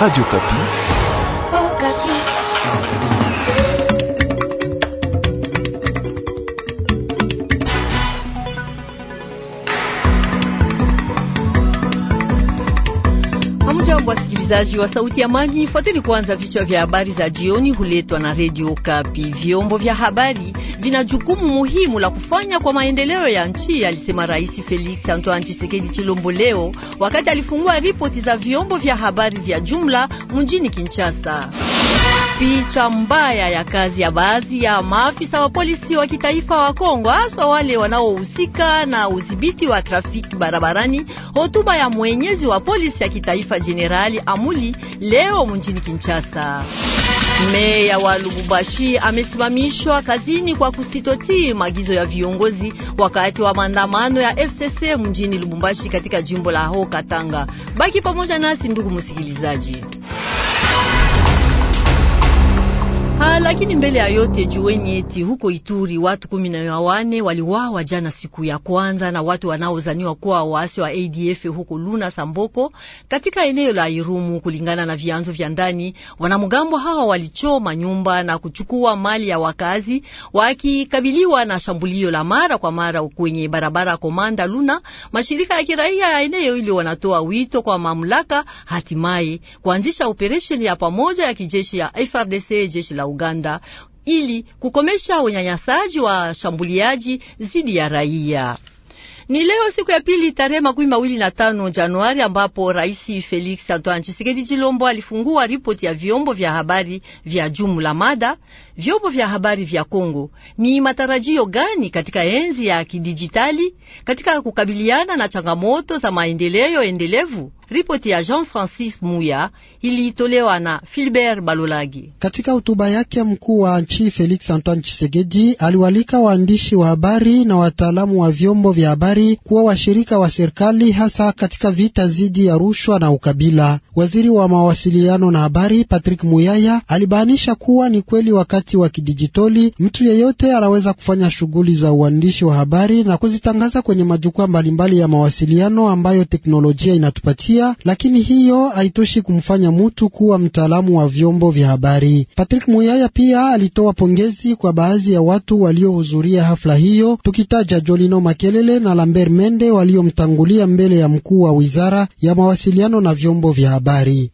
Radio Kapi. Msikilizaji wa Sauti ya Amani, fuateni kwanza vichwa vya habari za jioni, huletwa na Redio Kapi. Vyombo vya habari vina jukumu muhimu la kufanya kwa maendeleo ya nchi, alisema Rais Felix Antoine Tshisekedi Chilombo leo wakati alifungua ripoti za vyombo vya habari vya jumla mjini Kinshasa. Picha mbaya ya kazi ya baadhi ya maafisa wa polisi wa kitaifa wa Kongo, haswa wale wanaohusika na udhibiti wa trafiki barabarani. Hotuba ya mwenyezi wa polisi ya kitaifa Jenerali Amuli leo mjini Kinshasa. Meya wa Lubumbashi amesimamishwa kazini kwa kusitotii maagizo ya viongozi wakati wa maandamano ya FCC mjini Lubumbashi katika jimbo la Haut Katanga. Baki pamoja nasi ndugu msikilizaji. Lakini mbele ya yote jueni eti huko Ituri watu kumi na wane waliwawa jana siku ya kwanza na watu wanaozaniwa kuwa waasi wa ADF huko Luna Samboko katika eneo la Irumu. Kulingana na vyanzo vya ndani, wanamgambo hawa walichoma nyumba na kuchukua mali ya wakazi, wakikabiliwa na shambulio la mara kwa mara kwenye barabara Komanda Luna. Mashirika ya kiraia ya eneo hili wanatoa wito kwa mamlaka hatimaye kuanzisha operesheni ya pamoja ya kijeshi ya FRDC, jeshi la Uganda Uganda ili kukomesha unyanyasaji wa shambuliaji dhidi ya raia. Ni leo siku ya pili tarehe makumi mawili na tano Januari ambapo Rais Felix Antoine Tshisekedi Chilombo alifungua ripoti ya vyombo vya habari vya jumla. Mada vyombo vya habari vya Kongo, ni matarajio gani katika enzi ya kidijitali katika kukabiliana na changamoto za maendeleo endelevu? Ripoti ya Jean-Francis Muya iliitolewa na Philbert Balolagi. Katika hotuba yake, mkuu wa nchi Felix Antoine Tshisekedi aliwalika waandishi wa habari na wataalamu wa vyombo vya habari kuwa washirika wa serikali, hasa katika vita dhidi ya rushwa na ukabila. Waziri wa mawasiliano na habari Patrick Muyaya alibainisha kuwa ni kweli wakati wa kidijitali mtu yeyote anaweza kufanya shughuli za uandishi wa habari na kuzitangaza kwenye majukwaa mbalimbali ya mawasiliano ambayo teknolojia inatupatia sheria, lakini hiyo haitoshi kumfanya mutu kuwa mtaalamu wa vyombo vya habari. Patrick Muyaya pia alitoa pongezi kwa baadhi ya watu waliohudhuria hafla hiyo, tukitaja Jolino Makelele na Lambert Mende waliomtangulia mbele ya mkuu wa wizara ya mawasiliano na vyombo vya habari.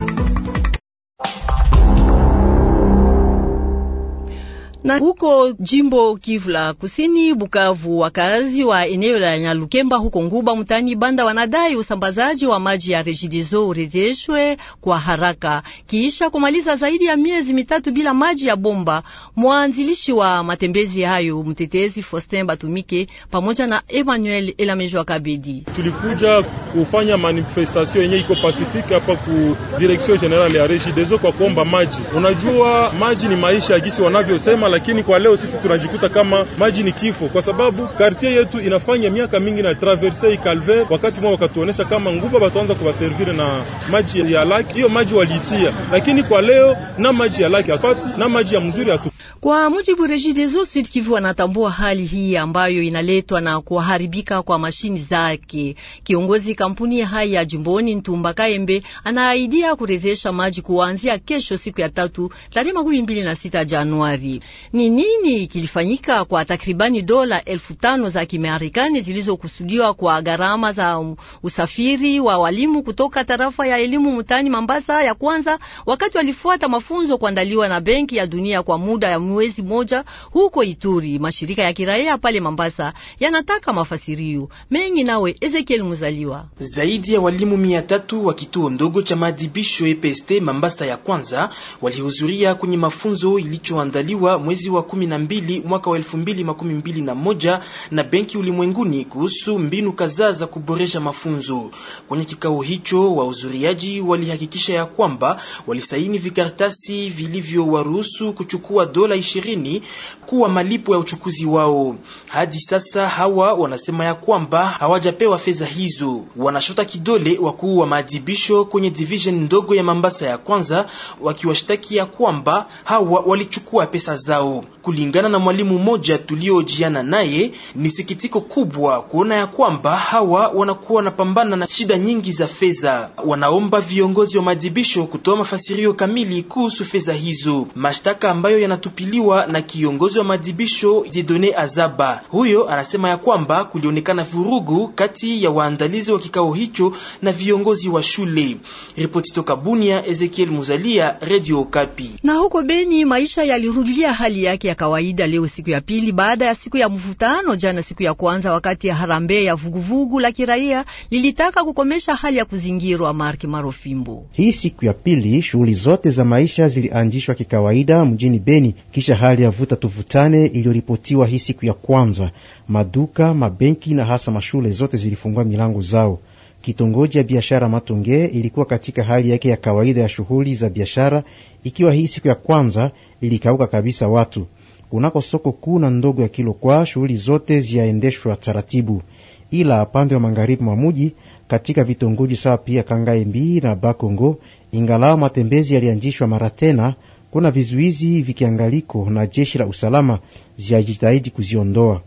Na huko jimbo Kivu la Kusini, Bukavu, wakazi wa eneo la Nyalukemba huko Nguba mtani Banda wanadai usambazaji wa maji ya Rejidizo urejeshwe kwa haraka kiisha kumaliza zaidi ya miezi mitatu bila maji ya bomba. Mwanzilishi wa matembezi hayo mtetezi Faustin Batumike pamoja na Emmanuel Elamejwa Kabedi, tulikuja kufanya manifestation yenye iko pasifika hapa ku direction general ya Rejidizo kwa kuomba maji. Unajua maji ni maisha, gisi wanavyosema lakini kwa leo sisi tunajikuta kama maji ni kifo, kwa sababu kartier yetu inafanya miaka mingi na traverse calvaire. Wakati mwa wakatuonesha kama nguva wataanza kuwaservire na maji ya lake, hiyo maji walitia lakini kwa leo na maji ya lake hapati na maji ya mzuri hatu kwa mujibu Regideso Sud Kivu anatambua hali hii ambayo inaletwa na kuharibika kwa mashini zake. Kiongozi kampuni ya hai ya jimboni Ntumba Kaembe anaaidia kurejesha maji kuanzia kesho, siku ya tatu tarehe makumi mbili na sita Januari. Ni nini kilifanyika kwa takribani dola elfu tano za Kimarekani zilizokusudiwa kwa gharama za usafiri wa walimu kutoka tarafa ya elimu mtaani Mambasa ya kwanza, wakati walifuata mafunzo kuandaliwa na Benki ya Dunia kwa muda ya mwezi moja huko Ituri. Mashirika ya kiraia pale Mambasa yanataka mafasirio mengi. Nawe Ezekiel Muzaliwa. Zaidi ya walimu mia tatu wa kituo ndogo cha maadhibisho EPST Mambasa ya kwanza walihudhuria kwenye mafunzo ilichoandaliwa mwezi wa mbili mwaka wa 2021 na Benki Ulimwenguni kuhusu mbinu kadhaa za kuboresha mafunzo. Kwenye kikao hicho, wahudhuriaji walihakikisha ya kwamba walisaini vikaratasi vilivyowaruhusu kuchukua do dola ishirini kuwa malipo ya uchukuzi wao. Hadi sasa hawa wanasema ya kwamba hawajapewa fedha hizo. Wanashota kidole wakuu wa maadhibisho kwenye division ndogo ya Mambasa ya kwanza, wakiwashtaki ya kwamba hawa walichukua pesa zao. Kulingana na mwalimu mmoja tuliojiana naye, ni sikitiko kubwa kuona ya kwamba hawa wanakuwa wanapambana na shida nyingi za fedha. Wanaomba viongozi wa maadhibisho kutoa mafasirio kamili kuhusu fedha hizo, mashtaka ambayo yanatu kutupiliwa na kiongozi wa madibisho Jedone Azaba. Huyo anasema ya kwamba kulionekana vurugu kati ya waandalizi wa kikao hicho na viongozi wa shule. Ripoti toka Bunia, Ezekiel Muzalia, Radio Okapi. Na huko Beni maisha yalirudilia hali yake ya kawaida leo siku ya pili baada ya siku ya mvutano jana siku ya kwanza wakati ya harambee ya vuguvugu la kiraia lilitaka kukomesha hali ya kuzingirwa Mark Marofimbo. Hii siku ya pili shughuli zote za maisha zilianzishwa kikawaida mjini Beni kisha hali ya vuta tuvutane iliyoripotiwa hii siku ya kwanza. Maduka, mabenki na hasa mashule zote zilifungua milango zao. Kitongoji ya biashara Matonge ilikuwa katika hali yake ya kawaida ya shughuli za biashara, ikiwa hii siku ya kwanza ilikauka kabisa watu. Kunako soko kuu na ndogo ya kwa shughuli zote ziaendeshwa taratibu, ila pande wa magharibi mwa muji katika vitongoji sawa pia mbii na Bakongo, ingalao matembezi yalianzishwa mara tena kuna vizuizi vikiangaliko na jeshi la usalama ziajitahidi kuziondoa.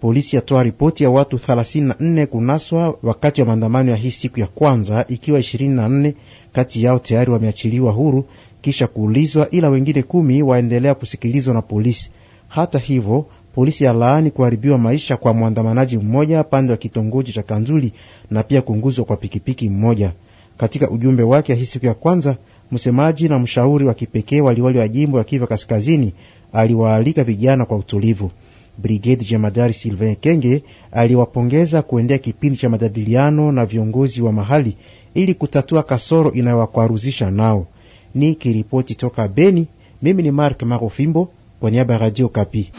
Polisi yatoa ripoti ya watu 34 kunaswa wakati wa maandamano ya hii siku ya kwanza, ikiwa 24 kati yao tayari wameachiliwa huru kisha kuulizwa, ila wengine kumi waendelea kusikilizwa na polisi. Hata hivyo, polisi yalaani kuharibiwa maisha kwa mwandamanaji mmoja pande wa kitongoji cha Kanzuli na pia kunguzwa kwa pikipiki mmoja. Katika ujumbe wake hii siku ya kwanza, msemaji na mshauri wa kipekee waliwali wa jimbo ya Kivu Kaskazini aliwaalika vijana kwa utulivu. Brigade Jemadari Sylvain Kenge aliwapongeza kuendea kipindi cha majadiliano na viongozi wa mahali ili kutatua kasoro inayowakwaruzisha nao. Ni kiripoti toka Beni. Mimi ni Mark Marofimbo kwa niaba ya Radio Kapi.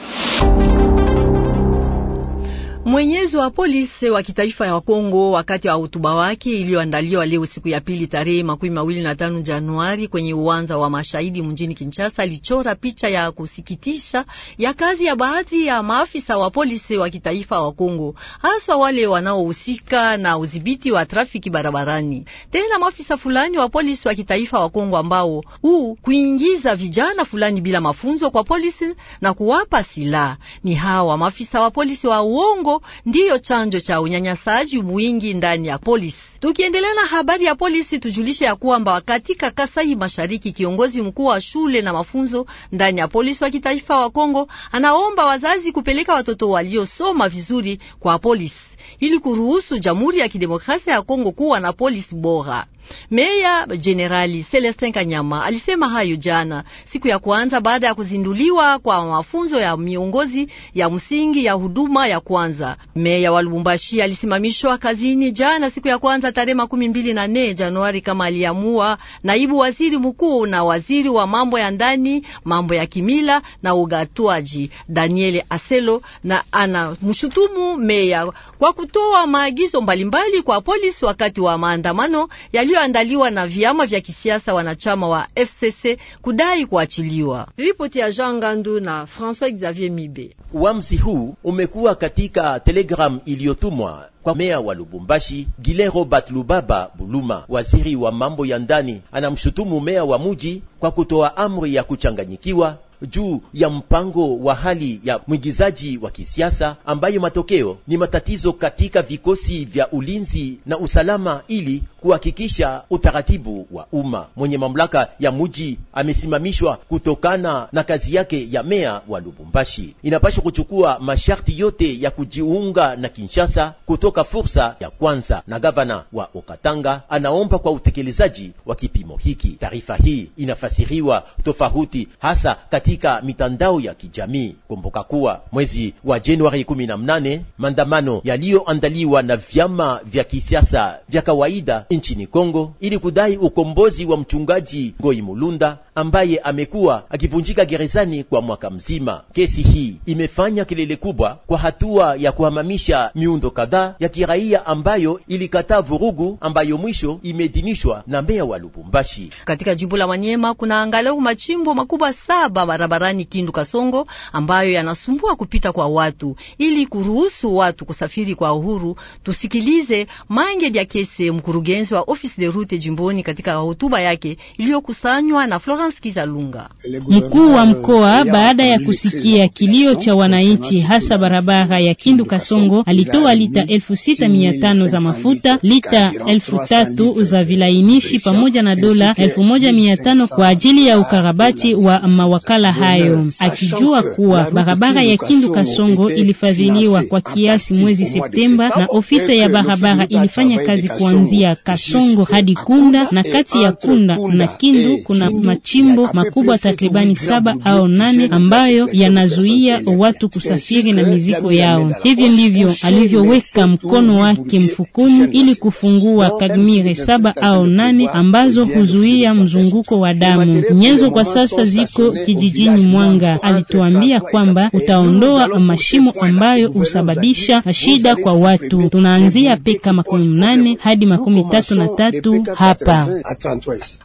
Mwenyezi wa polisi wa kitaifa ya Kongo wakati wa hotuba wake iliyoandaliwa leo siku ya pili tarehe makumi mawili na tano Januari kwenye uwanja wa mashahidi mjini Kinshasa alichora picha ya kusikitisha ya kazi ya baadhi ya maafisa wa polisi wa kitaifa wa Kongo, haswa wale wanaohusika na udhibiti wa trafiki barabarani. Tena maafisa fulani wa polisi wa kitaifa wa Kongo ambao huu kuingiza vijana fulani bila mafunzo kwa polisi na kuwapa silaha. Ni hawa maafisa wa polisi wa uongo ndiyo chanjo cha unyanyasaji mwingi ndani ya polisi. Tukiendelea na habari ya polisi, tujulishe ya kwamba katika Kasai Mashariki, kiongozi mkuu wa shule na mafunzo ndani ya polisi wa kitaifa wa Kongo anaomba wazazi kupeleka watoto waliosoma vizuri kwa polisi ili kuruhusu Jamhuri ya Kidemokrasia ya Kongo kuwa na polisi bora. Meya Jenerali Celestin Kanyama alisema hayo jana siku ya kwanza baada ya kuzinduliwa kwa mafunzo ya miongozi ya msingi ya huduma ya kwanza. Meya wa Lubumbashi alisimamishwa kazini jana siku ya kwanza tarehe makumi mbili na nne Januari kama aliamua naibu waziri mkuu na waziri wa mambo ya ndani, mambo ya kimila na ugatuaji Daniel Aselo, na anamshutumu meya kwa kutoa maagizo mbalimbali kwa polisi wakati wa maandamano yali iliyoandaliwa na vyama vya kisiasa wanachama wa FCC kudai kuachiliwa. Ripoti ya Jean Gandu na François Xavier Mibe. Uamsi huu umekuwa katika telegram iliyotumwa kwa meya wa Lubumbashi Gilero Robert Lubaba Buluma. Waziri wa mambo ya ndani anamshutumu meya wa muji kwa kutoa amri ya kuchanganyikiwa juu ya mpango wa hali ya mwigizaji wa kisiasa ambayo matokeo ni matatizo katika vikosi vya ulinzi na usalama ili kuhakikisha utaratibu wa umma. Mwenye mamlaka ya muji amesimamishwa kutokana na kazi yake ya mea wa Lubumbashi. Inapaswa kuchukua masharti yote ya kujiunga na Kinshasa kutoka fursa ya kwanza, na gavana wa Okatanga anaomba kwa utekelezaji wa kipimo hiki. Taarifa hii inafasiriwa tofauti hasa katika katika mitandao ya kijamii. Kumbuka kuwa mwezi wa Januari 18 maandamano yaliyoandaliwa na vyama vya kisiasa vya kawaida nchini Kongo ili kudai ukombozi wa mchungaji Ngoi Mulunda ambaye amekuwa akivunjika gerezani kwa mwaka mzima. Kesi hii imefanya kelele kubwa kwa hatua ya kuhamamisha miundo kadhaa ya kiraia ambayo ilikataa vurugu ambayo mwisho imeidhinishwa na meya wa Lubumbashi. Katika jimbo la Wanyema kuna angalau machimbo makubwa saba barabarani Kindu Kasongo ambayo yanasumbua kupita kwa watu. Ili kuruhusu watu kusafiri kwa uhuru, tusikilize Mange Kese, mkurugenzi wa Office de Route jimboni, katika hotuba yake iliyokusanywa na Florence Kizalunga. Mkuu wa mkoa baada ya kusikia kilio cha wananchi, hasa barabara ya Kindu Kasongo, alitoa lita elfu sita mia tano za mafuta, lita elfu tatu za vilainishi pamoja na dola elfu moja mia tano kwa ajili ya ukarabati wa mawakala makala hayo akijua kuwa barabara ya Kindu Kasongo ilifadhiliwa kwa kiasi mwezi Septemba na ofisi ya barabara ilifanya kazi kuanzia Kasongo hadi Kunda, na kati ya Kunda na Kindu kuna machimbo makubwa takribani saba au nane ambayo yanazuia watu kusafiri na miziko yao. Hivyo ndivyo alivyoweka mkono wake mfukuni ili kufungua kadmire saba au nane ambazo huzuia mzunguko wa damu. Nyenzo kwa sasa ziko kijiji jijini Mwanga. Alituambia kwamba utaondoa mashimo ambayo husababisha shida kwa watu. Tunaanzia peka makumi mnane hadi makumi tatu na tatu hapa.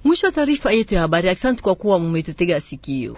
Mwisho wa taarifa yetu ya habari. Asante kwa kuwa mumetutega sikio.